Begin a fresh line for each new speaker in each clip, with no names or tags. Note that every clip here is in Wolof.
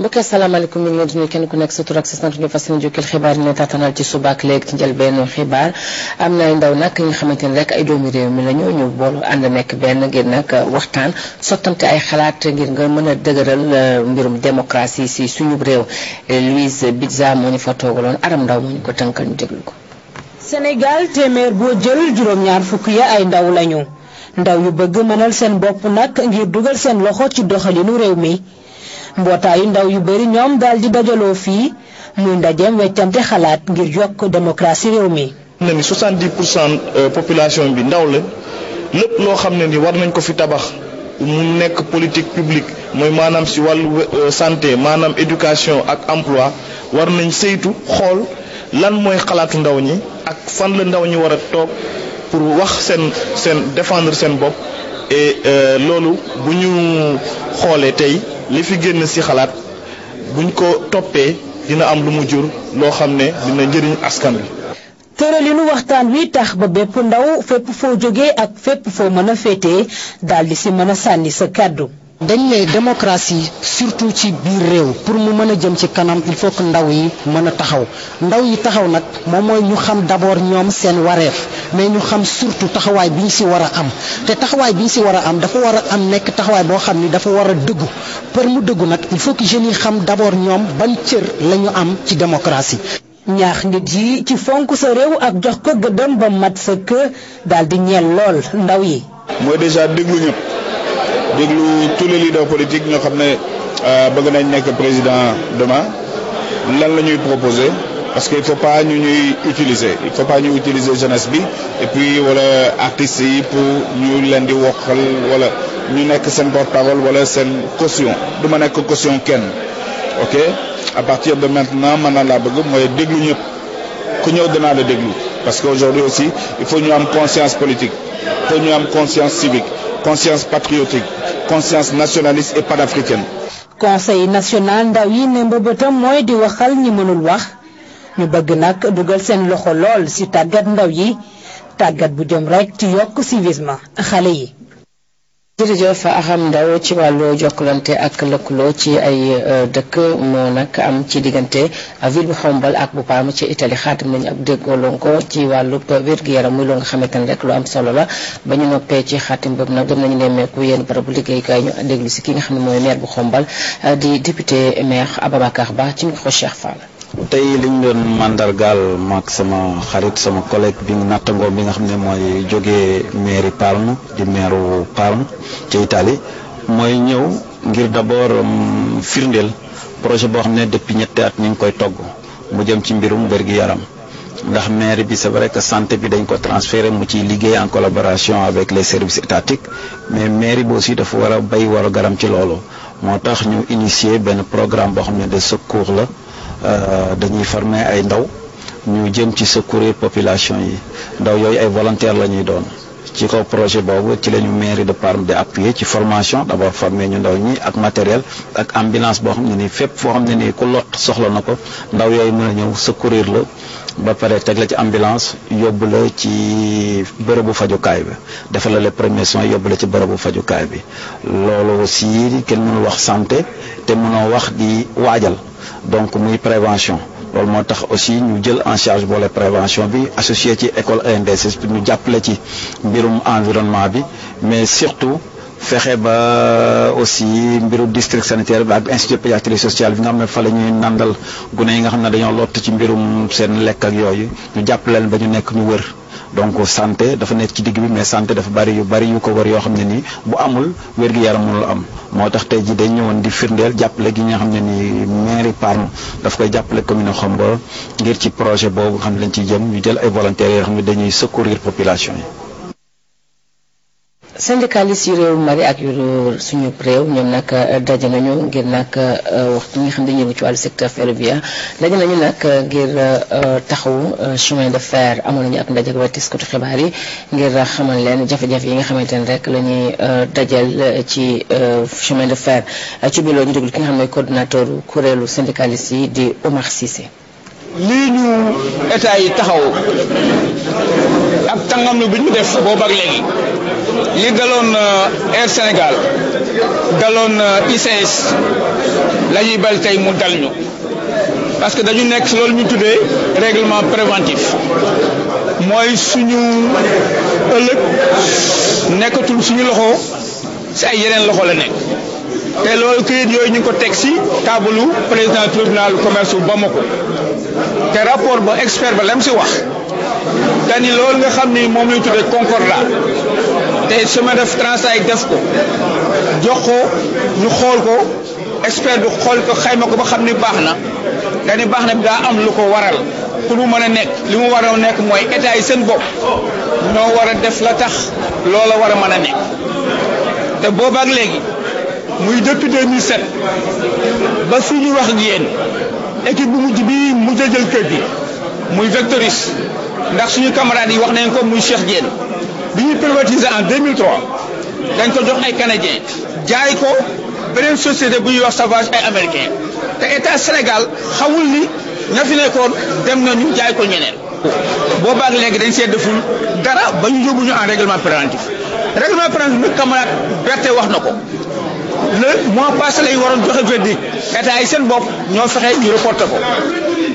mbokkee salaamaaleykum ñu ngi leen di nuyu kenn ku nekk sa tur ak sa sant ñu fas yéene am na ay ndaw nag nga xamante ni rek ay doomi réew mi la ñu ñu boolu ànd nekk benn ngir nag waxtaan sottante ay xalaat ngir nga mën a dëgëral euh, mbirum démocratie si suñu réew Louise Bidza moo ñu fa toogaloon aram ndaw moo ko tënkal ñu déglu ko. Sénégal téeméer boo jël juróom-ñaar fukk yi ay ndaw lañu ndaw yu bëgg mënal seen bopp nag ngir dugal seen loxo ci doxalinu réew mi mbootaayu ndaw yu bari ñoom daal di dajaloo fii muy ndajeem weccante xalaat ngir yokk démocratie réew mi.
ne ni 70 pour euh, population bi ndaw la lépp loo xam ne ni war nañ ko fi tabax mu nekk politique publique mooy maanaam ci wàllu euh, santé maanaam éducation ak emploi war nañ saytu xool lan mooy xalaatu ndaw ñi ak fan la ndaw ñi war a toog pour wax seen seen défendre seen bopp et euh, loolu bu ñu xoolee tey. li fi génn si xalaat buñ ko toppee dina am lu mu jur loo xam ne dina njëriñ
askan wi.
tëralinu waxtaan wi tax ba bépp ndaw fépp foo jóge ak fépp foo mën a féetee daal di si mën a sànni sa kàddu. dañ ne démocratie surtout ci biir réew pour mu mën a jëm ci kanam il faut que ndaw yi mën a taxaw ndaw yi taxaw nag moom mooy ñu xam d'abord ñoom seen wareef mais ñu xam surtout taxawaay bi ñu si war a am te taxawaay bi ñu si war a am dafa war a am nekk taxawaay boo xam ni dafa war a dëggu pour mu dëggu nag il faut que jeunes yi xam d'abord ñoom ban cër lañu am ci démocratie. ñaax nit yi ci fonk sa réew ak jox ko gëddam ba mat sa kë daal di ñeel lool ndaw yi.
mooy déjà déglu tous les leaders politiques ñoo xam ne euh, bëgg nañ nekk président demain lan la ñuy proposer parce qu'il ne faut pas ñu ñuy utiliser il faut pas ñu utiliser jeunesse bi et puis wala artistes pour ñu leen di wokkal wala ñu nekk seen porte-parole wala seen caution duma que nekk caution kenn ok à partir de maintenant man la bëgg mooy déglu ñëpp ku ñëw dinaa la déglu parce qu'aujourd'hui aussi il faut ñu am conscience politique il faut ñu am conscience civique conscience patriotique conscience nationaliste et panafricaine.
conseil national ndaw yi ne mbëbëtam mooy di waxal ñi mënul wax ñu bëgg nag dugal seen loxo lool ci tàggat ndaw yi tàggat bu jëm rekk ci yokk civisme xale yi. jërëjëf Aram Ndao ci wàllu jokkalante ak lëkkaloo ci ay euh, dëkk moo nag am ci diggante ville bu Xombal ak bu Paam ci Itali xaatim nañu ak déggooloon ko ci wàllu wér-gu-yaram muy loo nga xamante ne rek lu am solo la ba ñu noppee ci xaatim boob nag dem nañu nemmeeku yéen barabu liggéeykaay ñu déglu si ki nga xam ne mooy maire bu Xombal euh, di député maire Ababacar Ba ci micro Cheikh Fall
tey liñ doon mandargaal maag sama xarit sama collègue bi nattangoom bi nga xam ne mooy jógee mairie Parme di maire Parme ci Italie mooy ñëw ngir d'abord um, firndeel projet boo xam ne depuis ñetti at ñu ngi koy togg mu jëm ci mbirum wérgu yaram ndax maire bi c'est vrai que santé bi dañ ko transféré mu ciy liggéey en collaboration avec les services étatiques mais maire bi aussi dafa war a bay war a garam ci loolu moo tax ñu initier benn programme boo xam ne de secours la Euh, dañuy farme ay ndaw ñu jëm ci secourir population yi ndaw yooyu ay volontaire la ñuy doon ci kaw projet boobu ci la ñu mairie de Parme di appuyer ci formation d'abord former ñu ndaw ñi ak matériel ak ambulance boo xam ne nii fépp foo xam ne nii ku lot soxla na ko ndaw yooyu mën a ñëw secourir la ba pare teg la ci ambulance yóbbu la ci faju kay bi defal la les premiers soins yóbbu la ci bërëbu fajukaay bi lolo aussi kenn mënul wax santé té mënoo wax di waajal donc muy prévention loolu motax aussi ñu jël en charge boole prévention bi associé ci école pour ñu jappalé ci mbirum environnement bi mais surtout fexe ba aussi mbiru district sanitaire bi ak institut pédiatrie sociale bi nga xam ne fa la ñuy nàndal gune yi nga xam ne dañoo lot ci mbirum seen lekk ak yooyu ñu jàppaleen ba ñu nekk ñu wër donc santé dafa nekk ci digg bi mais santé dafa bari yu bari yu ko war yoo xam ne nii bu amul wér gi yaram mënul am moo tax tey jii dañ ñëwoon di firndeel jàppale gi nga xam ne nii mairie Parme daf koy jàppale commune Xombo ngir ci projet boobu nga xam ne lañ ciy jëm ñu jël ay volontaires yoo xam ne dañuy secourir population yi.
syndicalistes yu réew Mali ak yu suñu réew ñoom nag euh, daje nañu ngir nag euh, waxtu nga xam ne yëngu ci wàllu secteur ferroviaire daje nañu nag euh, ngir taxawu chemin de fer amoon nañu ak ndaje ak taskatu xibaar yi ngir xamal leen jafe-jafe yi nga xamante ne rek la ñuy dajal ci chemin de fer ci biir loolu ñu déglu ki nga xam ne coordinateur kuréelu syndicalistes yi di Omar Cissé. lii ñu
état taxaw ak tàngam lu bi ñu def boobu ak léegi. li daloon euh, Air Sénégal daloon euh, ICS la bal tey mu dal ñu parce que dañu nekk si loolu ñu tuddee règlement préventif mooy suñu ëllëg nekkatul suñu loxo si ay yeneen loxo la nekk te loolu këyit yooyu ñu ko teg si taabalu président tribunal commerce bu Bamako te rapport ba expert ba lam si wax te ni loolu nga xam ni moom la tuddee concordat tey chemin de Transrail def ko jox ko ñu xool ko expert bi xool ko xayma ko ba xam ni baax na dañu baax na bi daa am lu ko waral pour mu mën a nekk li mu war a nekk mooy état seen bopp ñoo war a def la tax loola war a mën a nekk te boobaak léegi muy depuis 2007 ba fi ñu wax ak yéen bu mujj bi mujj a jël kër gi muy Vectoris ndax suñu camarades yi wax nañ ko muy Cheikh Diène bi ñu privatiser en 2003 dañ ko jox ay canadiens jaay ko beneen société bu ñu wax Savage ay américain te état Sénégal xamul ni ña fi nekkoon dem nañu jaay ko ñeneen. boobaag léegi dañ see deful dara ba ñu yóbbu ñu en règlement préventif règlement préventif nag camarade Berthe wax na ko le mois passé lay waroon joxe verdict état yi seen bopp ñoo fexe ñu reporté ko.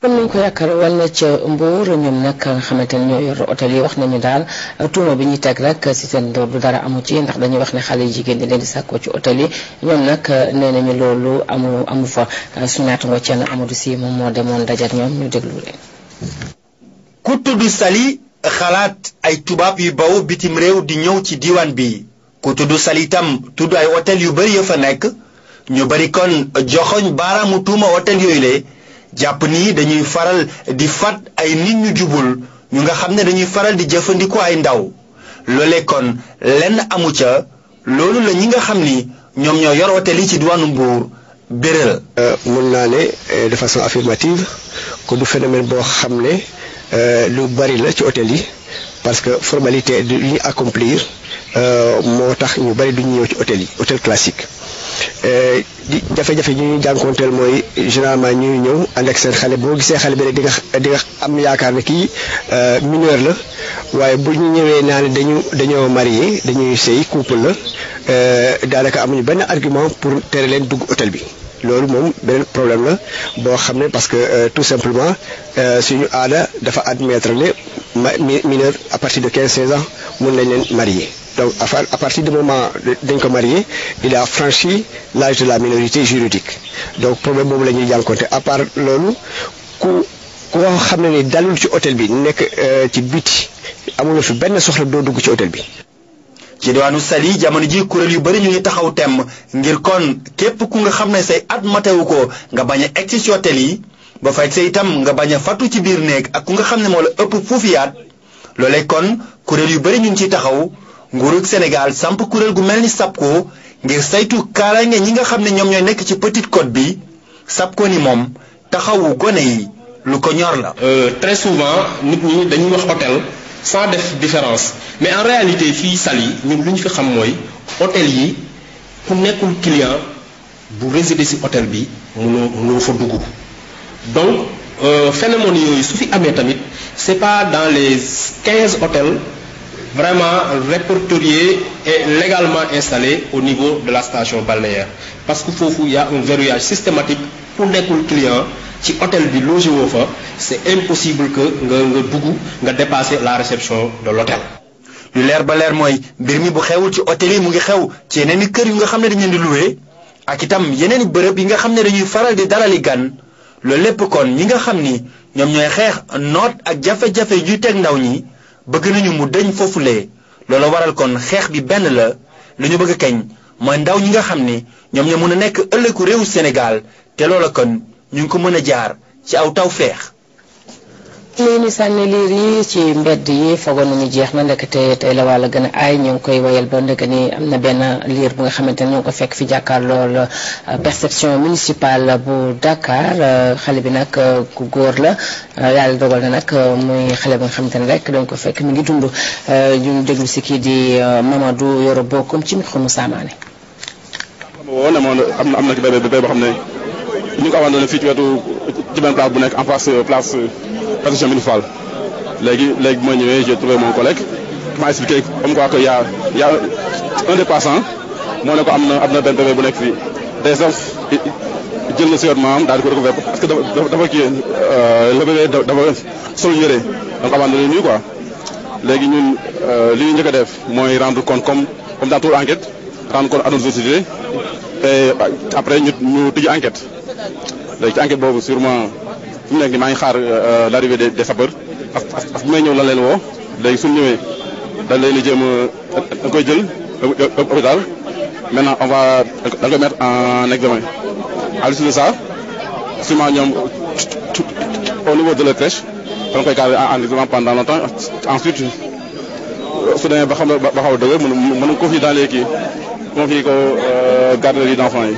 mën nañ ko yaakaar wala ca Mbour ñoom nag xamante ne ñoo yor hôtel yi wax nañu daal tuuma bi ñuy teg rek si seen door du dara amu ci ndax dañuy wax ne xale yu jigéen ñi leen di sàkkoo ci hôtel yi ñoom nag nee nañu loolu amu amu fa su naata nga ceen moo demoon dajat ñoom ñu déglu ku tudd
Saly xalaat ay tubaab yu baw bitim réew di ñëw ci diwaan bi ku tudd Saly itam tudd ay hôtel yu bëri ya fa nekk ñu bëri kon joxoñ baaraamu tuuma hôtel yooyu lee jàpp nii dañuy faral di fat ay nit ñu jubul ñu nga xam ne dañuy faral di jëfandikoo ay ndaw loolee kon lenn amu ca loolu la ñi nga xam ni ñoom ñoo yor hôtel yi ci diwaanu Mbour bérél. Euh, mun naa ne
euh, de façon affirmative ko du phénomène boo xam ne euh, lu bari la ci hôtel yi parce que formalité du ñu accomplir moo tax ñu bari duñu ñu ci hôtel yi hôtel classique. jafé jafé ñuy jankontel moy généralement ñuy ñëw ànd ak seen xale boo gisee xale bi rek di nga di nga am yaakaar ne kii euh, mineur la waaye bu ñu ñëwee naa dañu dañoo marié dañuy sëy couple la euh, daanaka amuñu benn argument pour tere leen dugg hôtel bi loolu moom beneen problème la boo xam ne parce que euh, tout simplement suñu aada dafa admettre ne mineur à partir de 15 16 ans mun nañ leen marié donc, à partir du moment d'un ko marié il a franchi l'âge de la minorité juridique donc problème boobu la ñuy jànkonte à part le ku quoi xam ne ni dalul ci hôtel bi nekk euh, ci biti amuloo fi ben soxla doo dugg ci hôtel bi.
ci diwaanu sali jamono ji kurel yu bari ñu ngi taxaw temm ngir kon képp ku nga xam say at matewu ko nga baña a ci hôtel yi ba fay say itam nga baña fatu ci biir néeg ak ku nga xam ne moo la ëpp foofu yaat kon kurel yu bari ñu ngi ciy taxaw nguurug Sénégal samp kurel gu melni sapko ngir saytu karange ñi nga xam ne ñoom ñooy ci Petite Côte bi sapko ni mom taxawu gone yi lu ko ñor la. Euh, très souvent nit ñi dañuy wax hôtel sans def différence mais en réalité fi sali ñun luñ fi xam moy hôtel yi ku nekkul client bu résider ci hôtel bi mëno mënoo fa dugg donc euh, phénomène yooyu su fi amee tamit c'est pas dans les 15 hôtels vraiment répertorié et légalement installé au niveau de la station balnéaire parce que qu'il y a un verrouillage systématique pour les client ci hôtel bi logé fa c'est impossible que nga nga dépasser la réception de l'hôtel lu leer ba leer mooy mbir mi bu xewul ci hôtel yi mu ngi xew ci yeneen i kër yu nga xam ne dañu leen di loué ak itam yeneen i yi nga ne dañuy faral di dalali gan loolu lépp kon ñi nga xam ni ñoom ñooy xeex ak ndaw bëgg nañu mu dëñ foofulee loola waral kon xeex bi benn la lu ñu bëgg kañ mooy ndaw ñi nga xam ni ñoom ña mun a nekk ëllëgu réewu Sénégal te loola kon ñu ngi ko mën a jaar ci aw taw feex
li ni sànni liir yi ci mbedd yi fogoon nañu jeex na ndekete tey la wàll gën a aay ñu ngi koy wayal ba ndeke ni am na benn liir bu nga xamante ne ñu ngi ko fekk fi jàkkaar lool perception municipale bu Dakar xale bi nag ku góor la yàlla dogal na nag muy xale bi nga xamante ne rek dañ ko fekk mi ngi dund ñu déglu si kii di Mamadou Yoro Bokum ci micro Moussa Mané.
woo ne moom am na am na ci bébé bébé boo xam ne ñu ngi ko abandonné fii ci wetu ci benn place bu nekk en face place. protection municipale léegi léegi bu ma ñëwee j'ai trouvé mon collègue m'a expliqué comme quoi que y a y a un dépassant moo ne ko am na am na benn bébé bu nekk fii des hommes jël na suyotment am daal di ko récupérer parce que dafa dafa kii euh, le bébé dafa sol yére donc nii quoi léegi ñun euh, li ñu njëkk def mooy rendre compte comme comme dans toute enquête rendre compte à nos autorités te euh, après ñu ñu tijji enquête léegi ci enquête boobu fi mu nekk nii maa ngi xaar euh, euh, l'arrivée des des sapeurs parce que parce bu may ñëw lan leen woo léegi suñu ñëwee dañ leen di jéem a dañ koy jël hôpital maintenant on va dañ koy mettre en examen à l'issue de ça sûrement ñoom au niveau de la crèche dañ koy garder en examen pendant longtemps ensuite su demee ba xam ba xaw a dëgg mën mën ko fi dans les kii confier ko euh, garderie d'enfants yi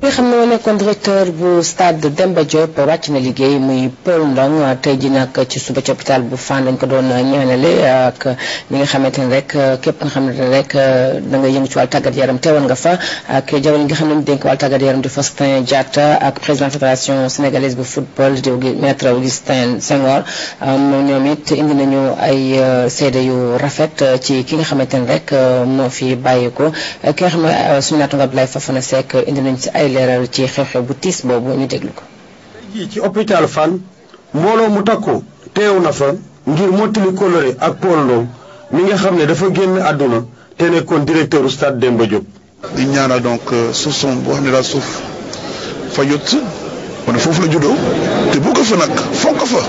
bi nga xam ne nekkoon directeur bu stade Demba Diop wàcc na liggéey muy Paul Ndong tey ji nag ci suba ci hôpital bu Fann dañ ko doon ñaanale ak ñi nga xamante ne rek képp nga xamante ne rek da nga yëngu ci wàllu tàggat yaram teewoon nga fa ak jaww nga xam ne mu dénk wàllu tàggat yaram di Faustin Diatta ak président fédération sénégalaise bu football di maître Augustin Senghor ñoom it indi nañu ay euh, seede yu rafet euh, ci ki nga xamante ne rek euh, moo fi bàyyi ko ki nga xam ne suñu naatu nga Abdoulaye Fofana Seck indi nañ ci ay leeral ci xew-xew bu tiis boobu ñu déglu ko.
tey jii ci hôpital Fann mbooloo mu takku teew na fa ngir mottali kóllëre ak Paul Ndong mi nga xam ne dafa génn àdduna te nekkoon directeur u dem Demba Diop. di ñaanal donc euh, suuf son boo xam ne daal suuf fa jot wane foofu la juddoo te bu fa nag fonk fa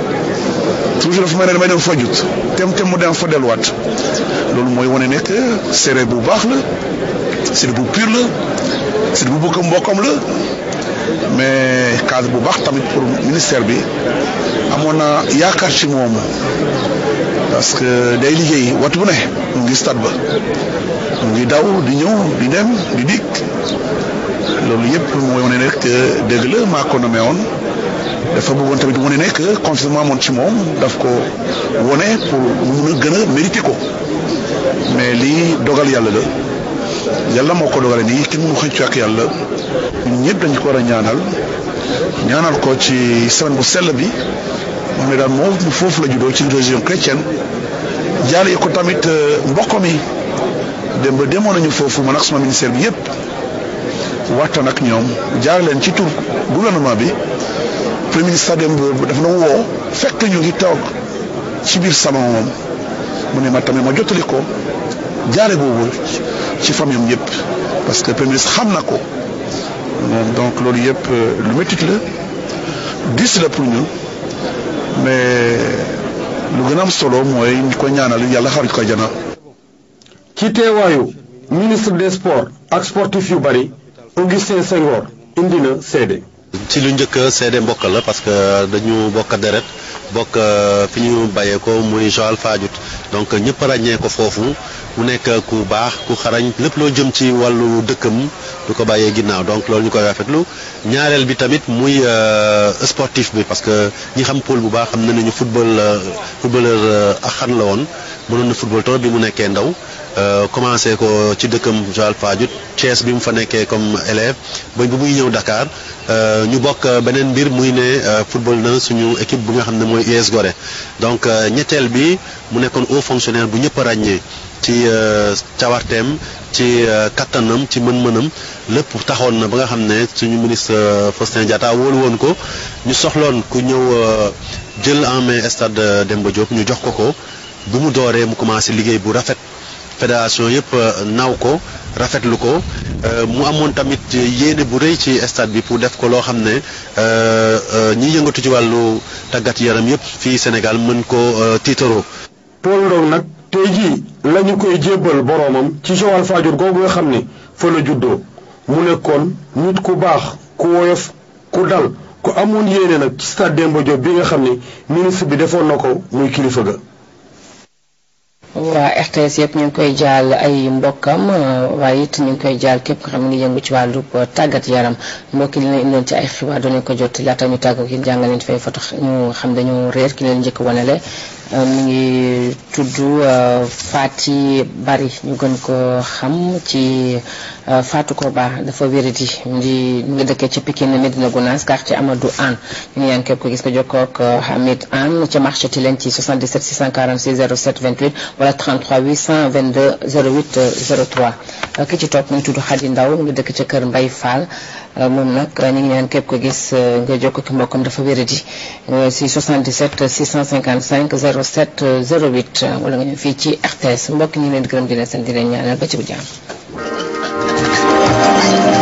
toujours dafa may ne damay dem fa jot tem tem mu dem fa delluwaat loolu mooy wone nekk séeréer bu baax la. site bu pur la site bu bëgg mbokkam la mais cadre bu baax tamit pour ministère bi amoon na yaakaar ci moom parce que day liggéey waxtu bu ne mu ngi stade ba mu ngi daw di ñëw di dem di dikk loolu yëpp mooy wane ne rek dëgg la maa ko nommé woon dafa bëggoon tamit wane ne que confiance amoon ci moom daf ko wone pour mu mun a gën ko mais lii dogal yàlla la. yàlla moo ko dogale nii kenn mënu xëccu ak yàlla ñun ñëpp dañu ko war a ñaanal ñaanal ko ci semaine bu sell bi moom ne daal moom foofu la juddoo ci religion chrétienne jaaree ko tamit euh, mbokk mi dem ba demoon nañu foofu man ak sama ministère bi yëpp waxtaan ak ñoom jaar leen ci tur gouvernement bi premier ministre dem dafa na woo fekk ñu ngi toog ci biir salon moom mu ne ma tamit ma jottali ko jaare googu ci famille am yëpp parce que premier ministre xam na ko donc loolu yëpp euh, lu métti la diis la pour ñun mais lu gën am solo mooy ñu ko ñaanal yàlla xaruñ ko jana ci teewaayu ministre des sport ak sportif yu bari Augustin Senghor indi na seede.
ci lu njëkk seede mbokk la parce que dañu bokk deret bokk euh, fi ñu bàyyee ko muy Joal Fadiouth donc ñëpp ràññee ko foofu mu nekk ku baax ku xarañ lépp loo jëm ci wàllu dëkkam du ko bàyyee ginnaaw donc loolu ñu koy rafetlu ñaareel bi tamit muy euh, sportif bi parce que ñi xam Paul bu baax xam na ne ñu football euh, footballeur axan la woon mënoon na football trop bi mu nekkee ndaw Euh, commencé ko ci dëkkam Joal Fadiouth Thiès bi mu fa nekkee comme élève ba bu muy ñëw Dakar euh, ñu bokk beneen mbir muy ne euh, football na suñu équipe bu nga xam ne mooy US Gorée donc ñetteel bi mu nekkoon haut fonctionnaire bu ñëpp ràññee ci cawarteem ci kattanam ci mën-mënam lépp taxoon na ba nga xam ne suñu ministre Faustin Diatta wóolu woon ko ñu soxloon ku ñëw jël en main stade Demba Diop ñu jox ko ko bu mu dooree mu commencé liggéey bu rafet. fédération yëpp euh, naw ko rafetlu ko euh, mu amoon tamit yéene bu rëy ci stade bi pour def ko loo xam ne euh, ñi yëngatu ci wàllu tàggat yaram yëpp fii Sénégal mën ko tiitaroo. Paul Ndong nag tey jii lañu koy jébbal boroomam ci Joal Fadiouth googu nga xam ni fa la juddoo mu nekkoon nit ku baax ku woyof
ku dal ku amoon yéene nag ci stade Demba Diop bi nga xam ne ministre bi defoon na ko
muy kilifa ga.
waa RTS yëpp ñu ngi koy jaal ay mbokkam euh, waaye it ñu ngi koy jaal képp nga xam ngi yëngu ci wàllu euh, tàggat yaram mbokki li leen indoon ci ay xibaar doon nañu ko jot laata ñu tàggu ki jàngaleen fay foto ñu xam dañu réer ki leen njëkk wanale euh, mu ngi tudd Faty Bari ñu gën ko xam ci Euh, Fatou Koba dafa wéradi di mu ngi dëkkee ci Pikine Medina Gounass quartier Amadou Anne ñu yaa ngi képp ko gis ko jokkoo ak euh, Hamid Anne ci marché Tilène ci 77 646 07 28 wala 33 822 08 03 ki ci topp mu ngi tudd Khady Ndaw mu ngi dëkk ca kër Mbaye Fall euh, moom nag ñu ngi ñaan képp ko gis nga jokkoo ki mbokkam dafa wéradi si 77 655 07 08 wala nga ñëw fii ci RTS mbokk ñu leen gërëm di leen sant di leen ba ci bu jàmm Thank you.